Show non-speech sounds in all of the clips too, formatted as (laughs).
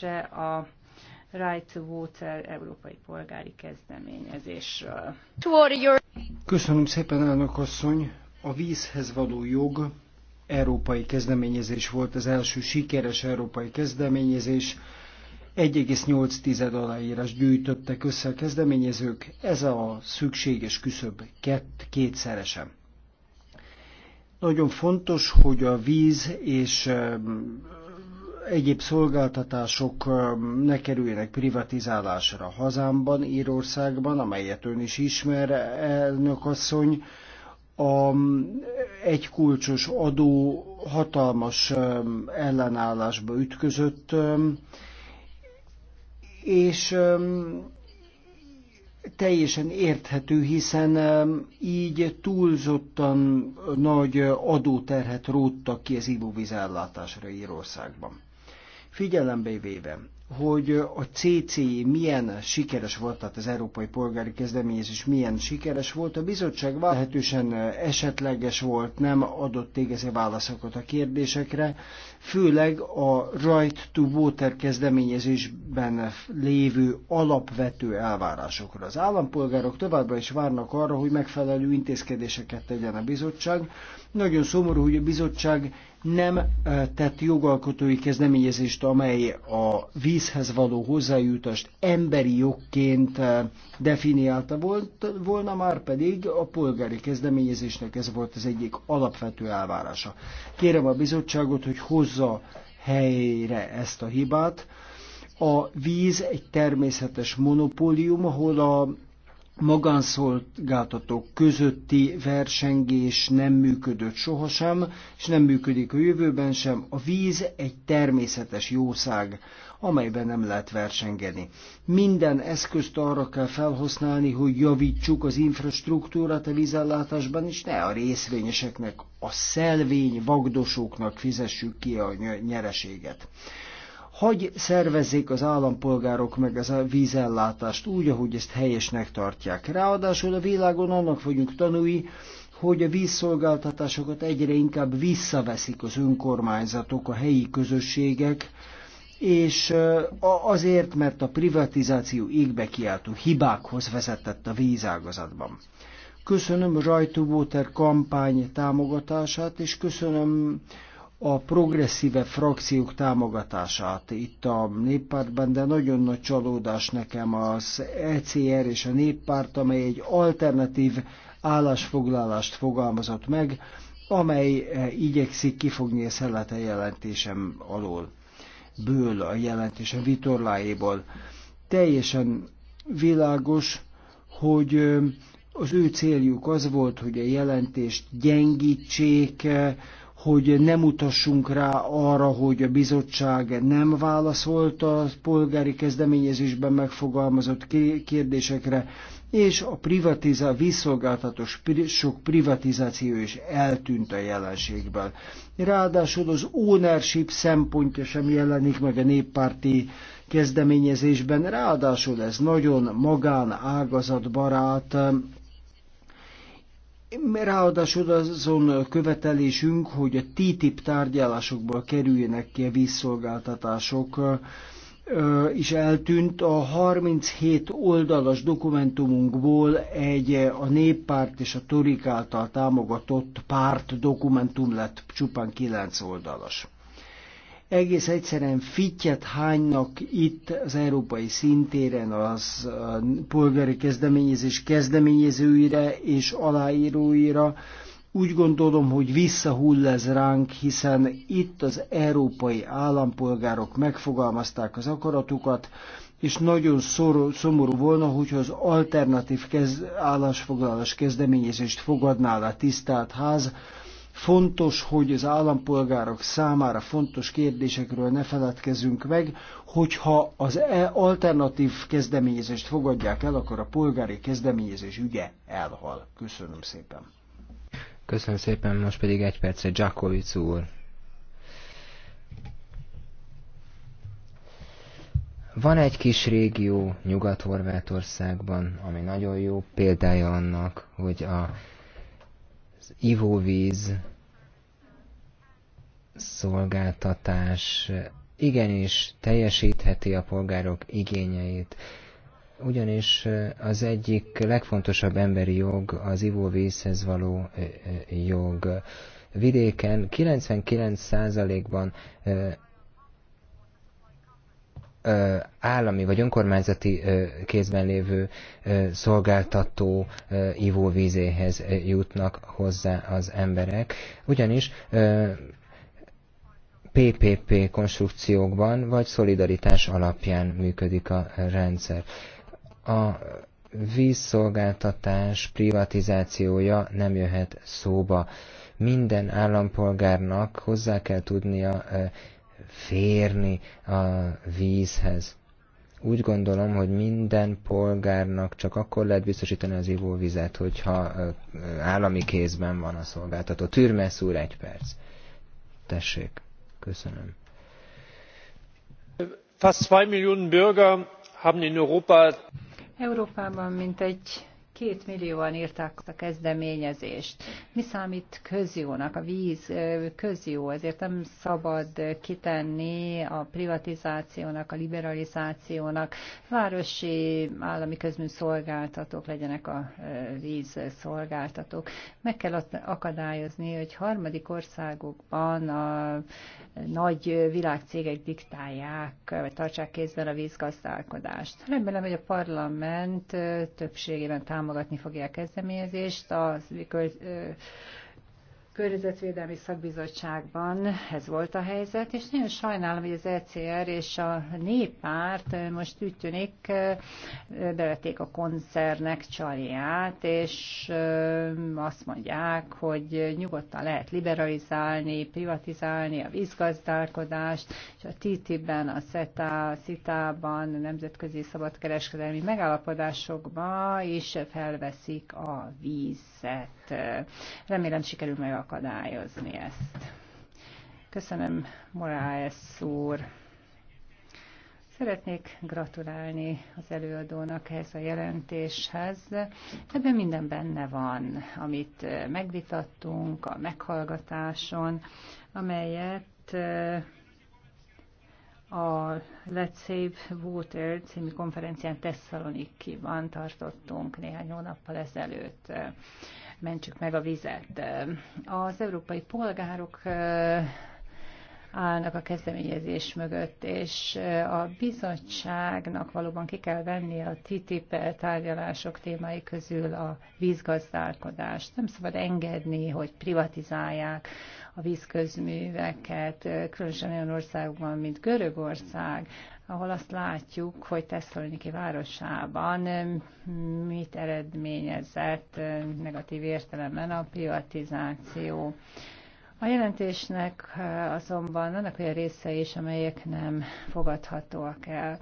kérdése a Right to Water európai polgári kezdeményezésről. Köszönöm szépen, elnök asszony! A vízhez való jog európai kezdeményezés volt az első sikeres európai kezdeményezés. 1,8 aláírás gyűjtöttek össze a kezdeményezők, ez a szükséges küszöb kett, kétszeresen. Nagyon fontos, hogy a víz és egyéb szolgáltatások ne kerüljenek privatizálásra hazámban, Írországban, amelyet ön is ismer, elnök asszony. A kulcsos adó hatalmas ellenállásba ütközött, és teljesen érthető, hiszen így túlzottan nagy adóterhet róttak ki az ivóvízellátásra Írországban. Figyelembe véve, hogy a CCI milyen sikeres volt, tehát az Európai Polgári Kezdeményezés milyen sikeres volt, a bizottság lehetősen esetleges volt, nem adott égezi válaszokat a kérdésekre, főleg a Right to Water kezdeményezésben lévő alapvető elvárásokra. Az állampolgárok továbbra is várnak arra, hogy megfelelő intézkedéseket tegyen a bizottság. Nagyon szomorú, hogy a bizottság nem eh, tett jogalkotói kezdeményezést, amely a vízhez való hozzájutást emberi jogként eh, definiálta volt, volna, már pedig a polgári kezdeményezésnek ez volt az egyik alapvető elvárása. Kérem a bizottságot, hogy hozza helyre ezt a hibát. A víz egy természetes monopólium, ahol a magánszolgáltatók közötti versengés nem működött sohasem, és nem működik a jövőben sem. A víz egy természetes jószág, amelyben nem lehet versengeni. Minden eszközt arra kell felhasználni, hogy javítsuk az infrastruktúrát a vízellátásban, és ne a részvényeseknek, a szelvény vagdosóknak fizessük ki a nyereséget hogy szervezzék az állampolgárok meg az a vízellátást úgy, ahogy ezt helyesnek tartják. Ráadásul a világon annak vagyunk tanúi, hogy a vízszolgáltatásokat egyre inkább visszaveszik az önkormányzatok, a helyi közösségek, és azért, mert a privatizáció égbe kiáltó hibákhoz vezetett a vízágazatban. Köszönöm a Right Water kampány támogatását, és köszönöm a progresszíve frakciók támogatását itt a néppártban, de nagyon nagy csalódás nekem az ECR és a néppárt, amely egy alternatív állásfoglalást fogalmazott meg, amely eh, igyekszik kifogni a szellete jelentésem alól, ből a jelentésem vitorláéból. Teljesen világos, hogy eh, az ő céljuk az volt, hogy a jelentést gyengítsék, eh, hogy nem utassunk rá arra, hogy a bizottság nem válaszolt a polgári kezdeményezésben megfogalmazott kérdésekre, és a privatizá, vízszolgáltatós sok privatizáció is eltűnt a jelenségből. Ráadásul az ownership szempontja sem jelenik meg a néppárti kezdeményezésben, ráadásul ez nagyon magán ágazatbarát Ráadásul azon követelésünk, hogy a TTIP tárgyalásokból kerüljenek ki a vízszolgáltatások, is eltűnt. A 37 oldalas dokumentumunkból egy a néppárt és a Torik által támogatott párt dokumentum lett csupán 9 oldalas. Egész egyszerűen fittyet hánynak itt az európai szintéren az polgári kezdeményezés kezdeményezőire és aláíróira. Úgy gondolom, hogy visszahull ez ránk, hiszen itt az európai állampolgárok megfogalmazták az akaratukat, és nagyon szorú, szomorú volna, hogyha az alternatív kez, állásfoglalás kezdeményezést fogadná a tisztelt ház, Fontos, hogy az állampolgárok számára fontos kérdésekről ne feledkezünk meg, hogyha az e alternatív kezdeményezést fogadják el, akkor a polgári kezdeményezés ügye elhal. Köszönöm szépen. Köszönöm szépen, most pedig egy perce Giacovic úr. Van egy kis régió Nyugat-Horvátországban, ami nagyon jó példája annak, hogy a az ivóvíz szolgáltatás igenis teljesítheti a polgárok igényeit. Ugyanis az egyik legfontosabb emberi jog az ivóvízhez való jog. Vidéken 99%-ban állami vagy önkormányzati kézben lévő szolgáltató ivóvízéhez jutnak hozzá az emberek. Ugyanis PPP konstrukciókban vagy szolidaritás alapján működik a rendszer. A vízszolgáltatás privatizációja nem jöhet szóba. Minden állampolgárnak hozzá kell tudnia férni a vízhez. Úgy gondolom, hogy minden polgárnak csak akkor lehet biztosítani az ivóvizet, hogyha állami kézben van a szolgáltató. Türmesz úr, egy perc. Tessék. Köszönöm. Fast 2 Millionen Bürger haben in Europa Európában mintegy két millióan írták a kezdeményezést. Mi számít közjónak? A víz közjó, ezért nem szabad kitenni a privatizációnak, a liberalizációnak. Városi állami közműszolgáltatók legyenek a víz szolgáltatók. Meg kell akadályozni, hogy harmadik országokban a nagy világcégek diktálják, vagy tartsák kézben a vízgazdálkodást. Remélem, hogy a parlament többségében támogatják támogatni fogja a kezdeményezést, a környezetvédelmi szakbizottságban ez volt a helyzet, és nagyon sajnálom, hogy az ECR és a néppárt most úgy tűnik bevették a koncernek csalját, és azt mondják, hogy nyugodtan lehet liberalizálni, privatizálni a vízgazdálkodást, és a TTIP-ben, a CETA, a CITA-ban, a nemzetközi szabadkereskedelmi megállapodásokba is felveszik a vízet. Remélem sikerül megakadályozni ezt. Köszönöm, Moraes úr. Szeretnék gratulálni az előadónak ehhez a jelentéshez. Ebben minden benne van, amit megvitattunk a meghallgatáson, amelyet a Let's Save Water című konferencián Tesszalonikiban tartottunk néhány hónappal ezelőtt mentsük meg a vizet. Az európai polgárok állnak a kezdeményezés mögött, és a bizottságnak valóban ki kell venni a TTIP tárgyalások témái közül a vízgazdálkodást. Nem szabad engedni, hogy privatizálják a vízközműveket, különösen olyan országokban, mint Görögország, ahol azt látjuk, hogy Tesszaloniki városában mit eredményezett negatív értelemben a privatizáció. A jelentésnek e, azonban annak olyan része is, amelyek nem fogadhatóak el.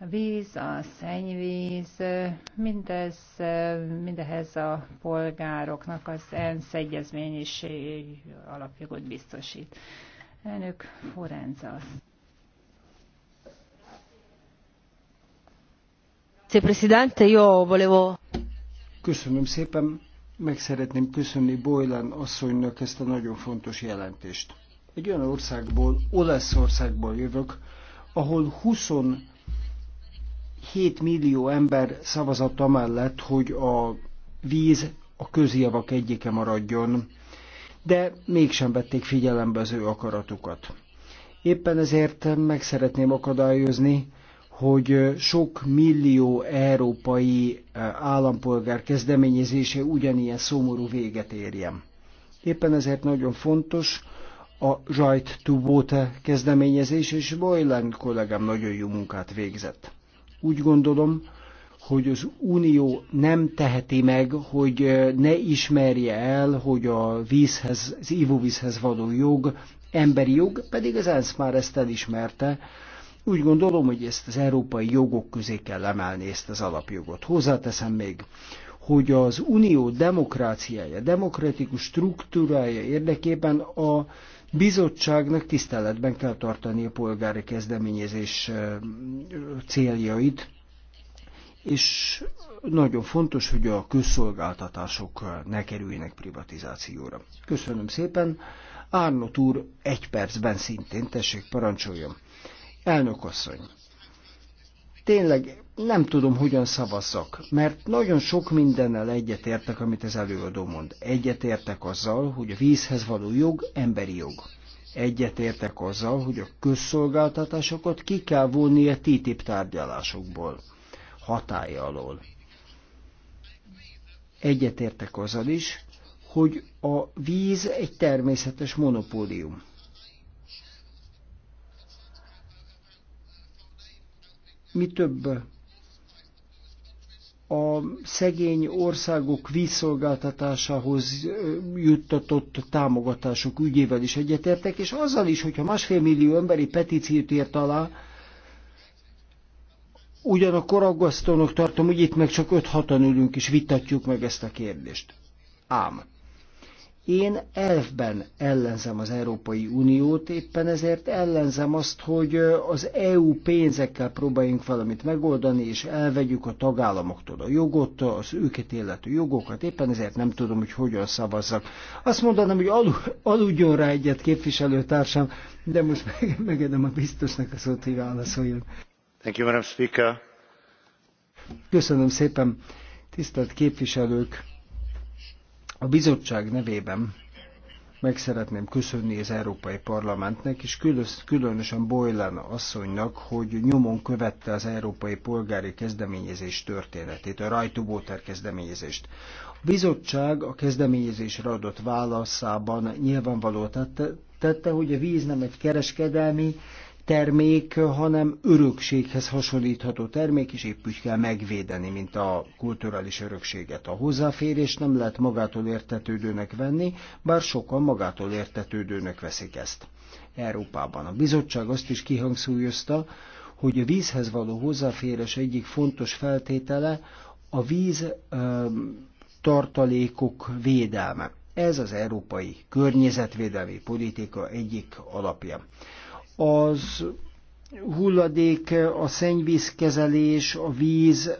A víz, a szennyvíz, e, mindez, e, mindehez a polgároknak az ENSZ egyezmény is alapjogot biztosít. Elnök Forenza azt. Presidente, io volevo... Köszönöm szépen, meg szeretném köszönni Boylan asszonynak ezt a nagyon fontos jelentést. Egy olyan országból, Olaszországból jövök, ahol 27 millió ember szavazott amellett, hogy a víz a közjavak egyike maradjon, de mégsem vették figyelembe az ő akaratukat. Éppen ezért meg szeretném akadályozni, hogy sok millió európai állampolgár kezdeményezése ugyanilyen szomorú véget érjen. Éppen ezért nagyon fontos a Right to Water kezdeményezés, és Boylan kollégám nagyon jó munkát végzett. Úgy gondolom, hogy az Unió nem teheti meg, hogy ne ismerje el, hogy a vízhez, az ivóvízhez való jog emberi jog, pedig az ENSZ már ezt elismerte, úgy gondolom, hogy ezt az európai jogok közé kell emelni, ezt az alapjogot. Hozzáteszem még, hogy az unió demokráciája, demokratikus struktúrája érdekében a bizottságnak tiszteletben kell tartani a polgári kezdeményezés céljait, és nagyon fontos, hogy a közszolgáltatások ne kerüljenek privatizációra. Köszönöm szépen. Árnott úr egy percben szintén, tessék parancsoljon. Elnök asszony, tényleg nem tudom, hogyan szavazzak, mert nagyon sok mindennel egyetértek, amit az előadó mond. Egyetértek azzal, hogy a vízhez való jog emberi jog. Egyetértek azzal, hogy a közszolgáltatásokat ki kell vonni a TTIP tárgyalásokból, hatája alól. Egyetértek azzal is, hogy a víz egy természetes monopólium. Mi több a szegény országok vízszolgáltatásához juttatott támogatások ügyével is egyetértek, és azzal is, hogyha másfél millió emberi petíciót írt alá, ugyanakkor aggasztónak tartom, hogy itt meg csak 5-6-an ülünk és vitatjuk meg ezt a kérdést. Ám én elfben ellenzem az Európai Uniót, éppen ezért ellenzem azt, hogy az EU pénzekkel próbáljunk valamit megoldani, és elvegyük a tagállamoktól a jogot, az őket illető jogokat, éppen ezért nem tudom, hogy hogyan szavazzak. Azt mondanám, hogy aludjon rá egyet képviselőtársam, de most (laughs) megedem a biztosnak a szót, hogy válaszoljon. Thank you, Madam Speaker. Köszönöm szépen, tisztelt képviselők! A bizottság nevében meg szeretném köszönni az Európai Parlamentnek, és különösen Boylan asszonynak, hogy nyomon követte az Európai Polgári Kezdeményezés történetét, a rajtubóter kezdeményezést. A bizottság a kezdeményezésre adott válaszában nyilvánvaló tette, tette, hogy a víz nem egy kereskedelmi termék, hanem örökséghez hasonlítható termék, és épp úgy kell megvédeni, mint a kulturális örökséget. A hozzáférés nem lehet magától értetődőnek venni, bár sokan magától értetődőnek veszik ezt. Európában a bizottság azt is kihangsúlyozta, hogy a vízhez való hozzáférés egyik fontos feltétele a víz ö, tartalékok védelme. Ez az európai környezetvédelmi politika egyik alapja az hulladék, a szennyvízkezelés, a víz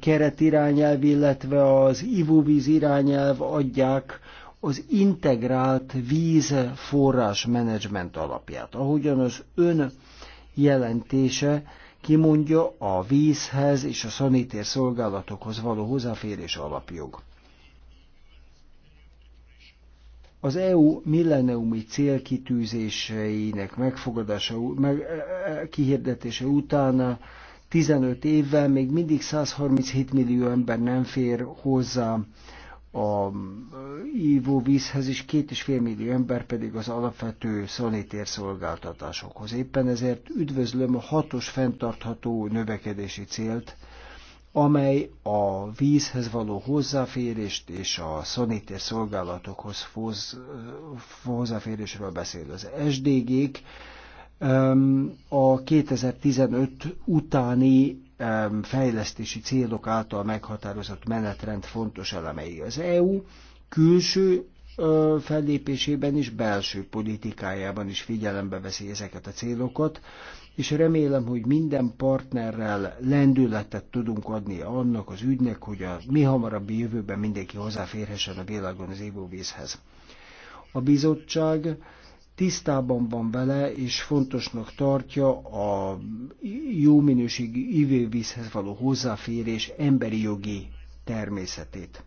keret irányelv, illetve az ivóvíz irányelv adják az integrált vízforrás menedzsment alapját. Ahogyan az ön jelentése kimondja a vízhez és a szanitér szolgálatokhoz való hozzáférés alapjog. Az EU milleniumi célkitűzéseinek megfogadása, meg, e, e, kihirdetése után 15 évvel még mindig 137 millió ember nem fér hozzá a e, ivóvízhez és 2,5 millió ember pedig az alapvető szanitér szolgáltatásokhoz. Éppen ezért üdvözlöm a hatos fenntartható növekedési célt, amely a vízhez való hozzáférést és a szanitér szolgálatokhoz hozzáférésről beszél. Az SDG-k a 2015 utáni fejlesztési célok által meghatározott menetrend fontos elemei. Az EU külső fellépésében is, belső politikájában is figyelembe veszi ezeket a célokat, és remélem, hogy minden partnerrel lendületet tudunk adni annak az ügynek, hogy a mi hamarabbi jövőben mindenki hozzáférhessen a világon az évóvízhez. A bizottság tisztában van vele, és fontosnak tartja a jó minőségű ivóvízhez való hozzáférés emberi jogi természetét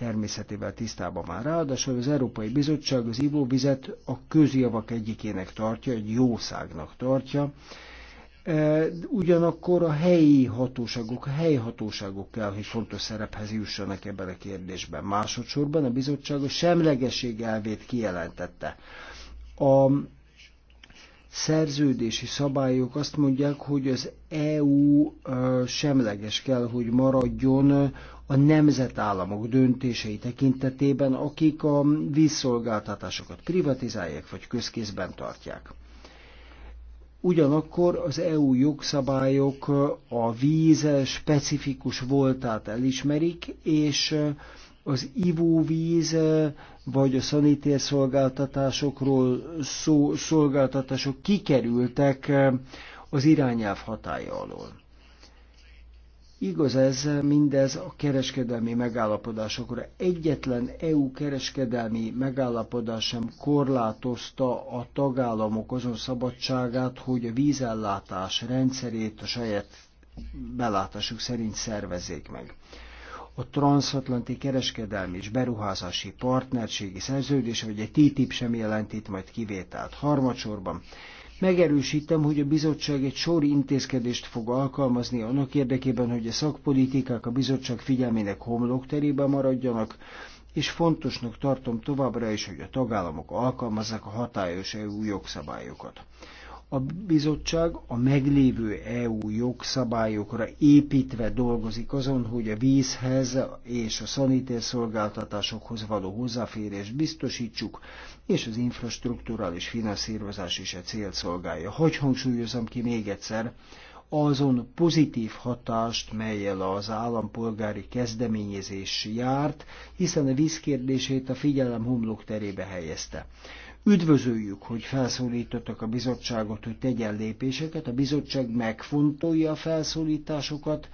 természetével tisztában van. Ráadásul az Európai Bizottság az ivóvizet a közjavak egyikének tartja, egy jószágnak tartja, e, ugyanakkor a helyi hatóságok, a helyi hatóságok kell, hogy fontos szerephez jussanak ebben a kérdésben. Másodszorban a bizottság a semlegesség elvét kijelentette. A szerződési szabályok azt mondják, hogy az EU semleges kell, hogy maradjon a nemzetállamok döntései tekintetében, akik a vízszolgáltatásokat privatizálják vagy közkézben tartják. Ugyanakkor az EU jogszabályok a víz specifikus voltát elismerik, és az ivóvíz vagy a szanitérszolgáltatásokról szó, szolgáltatások kikerültek az irányelv hatája alól. Igaz ez, mindez a kereskedelmi megállapodásokra. Egyetlen EU kereskedelmi megállapodás sem korlátozta a tagállamok azon szabadságát, hogy a vízellátás rendszerét a saját belátásuk szerint szervezzék meg a transatlanti kereskedelmi és beruházási partnerségi szerződés, vagy egy TTIP sem jelent itt majd kivételt. Harmadsorban megerősítem, hogy a bizottság egy sor intézkedést fog alkalmazni annak érdekében, hogy a szakpolitikák a bizottság figyelmének homlokterében maradjanak, és fontosnak tartom továbbra is, hogy a tagállamok alkalmazzák a hatályos EU jogszabályokat. A bizottság a meglévő EU jogszabályokra építve dolgozik azon, hogy a vízhez és a szanitérszolgáltatásokhoz való hozzáférést biztosítsuk, és az infrastruktúrális finanszírozás is a e célt szolgálja. Hogy hangsúlyozom ki még egyszer, azon pozitív hatást, melyel az állampolgári kezdeményezés járt, hiszen a vízkérdését a figyelem homlok terébe helyezte. Üdvözöljük, hogy felszólítottak a bizottságot, hogy tegyen lépéseket, a bizottság megfontolja a felszólításokat,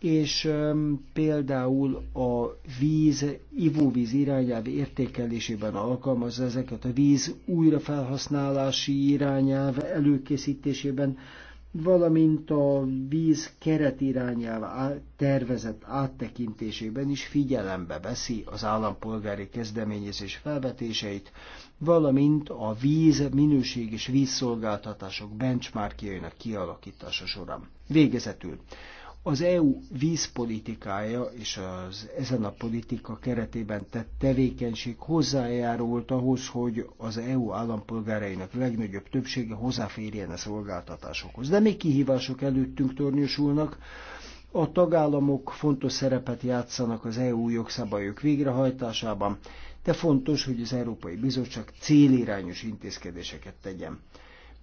és például a víz, ivóvíz irányelv értékelésében alkalmazza ezeket, a víz újrafelhasználási irányelv előkészítésében valamint a víz irányába tervezett áttekintésében is figyelembe veszi az állampolgári kezdeményezés felvetéseit, valamint a víz minőség és vízszolgáltatások benchmarkjainak kialakítása során. Végezetül az EU vízpolitikája és az ezen a politika keretében tett tevékenység hozzájárult ahhoz, hogy az EU állampolgárainak legnagyobb többsége hozzáférjen a szolgáltatásokhoz. De még kihívások előttünk tornyosulnak. A tagállamok fontos szerepet játszanak az EU jogszabályok végrehajtásában, de fontos, hogy az Európai Bizottság célirányos intézkedéseket tegyen.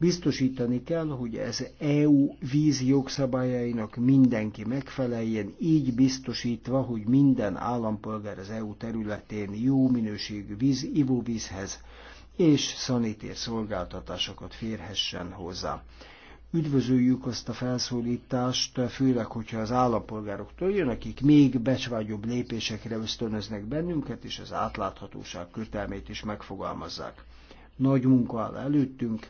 Biztosítani kell, hogy ez EU vízi jogszabályainak mindenki megfeleljen, így biztosítva, hogy minden állampolgár az EU területén jó minőségű víz, ivóvízhez és szanitér szolgáltatásokat férhessen hozzá. Üdvözöljük azt a felszólítást, főleg, hogyha az állampolgároktól jön, akik még becsvágyobb lépésekre ösztönöznek bennünket, és az átláthatóság kötelmét is megfogalmazzák. Nagy munka áll előttünk,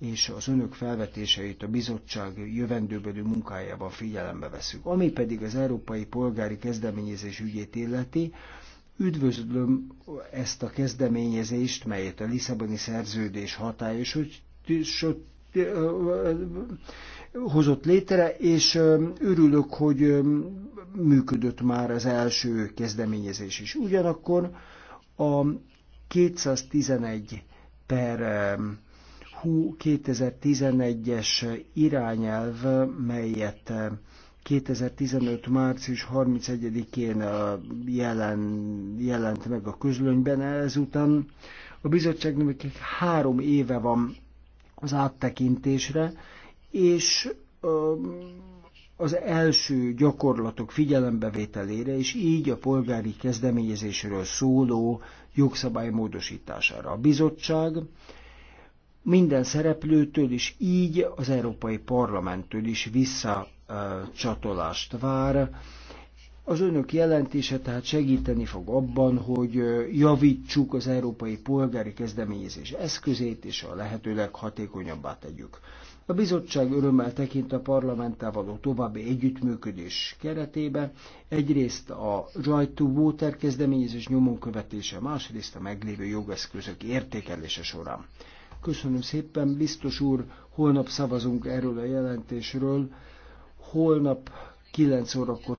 és az önök felvetéseit a bizottság jövendőbeli munkájában figyelembe veszük. Ami pedig az európai polgári kezdeményezés ügyét illeti, üdvözlöm ezt a kezdeményezést, melyet a Lisszaboni szerződés hatályos, hogy hozott létre, és örülök, hogy működött már az első kezdeményezés is. Ugyanakkor a 211 per 2011-es irányelv, melyet 2015. Eh, március 31-én eh, jelen, jelent meg a közlönyben, ezután a bizottságnak még három éve van az áttekintésre, és eh, az első gyakorlatok figyelembevételére, és így a polgári kezdeményezésről szóló jogszabály módosítására. A bizottság minden szereplőtől is így az Európai Parlamenttől is visszacsatolást vár. Az önök jelentése tehát segíteni fog abban, hogy javítsuk az európai polgári kezdeményezés eszközét, és a lehető leghatékonyabbá tegyük. A bizottság örömmel tekint a parlamenttel való további együttműködés keretében. egyrészt a Right to Water kezdeményezés nyomon követése, másrészt a meglévő jogeszközök értékelése során. Köszönöm szépen, biztos úr, holnap szavazunk erről a jelentésről. Holnap 9 órakor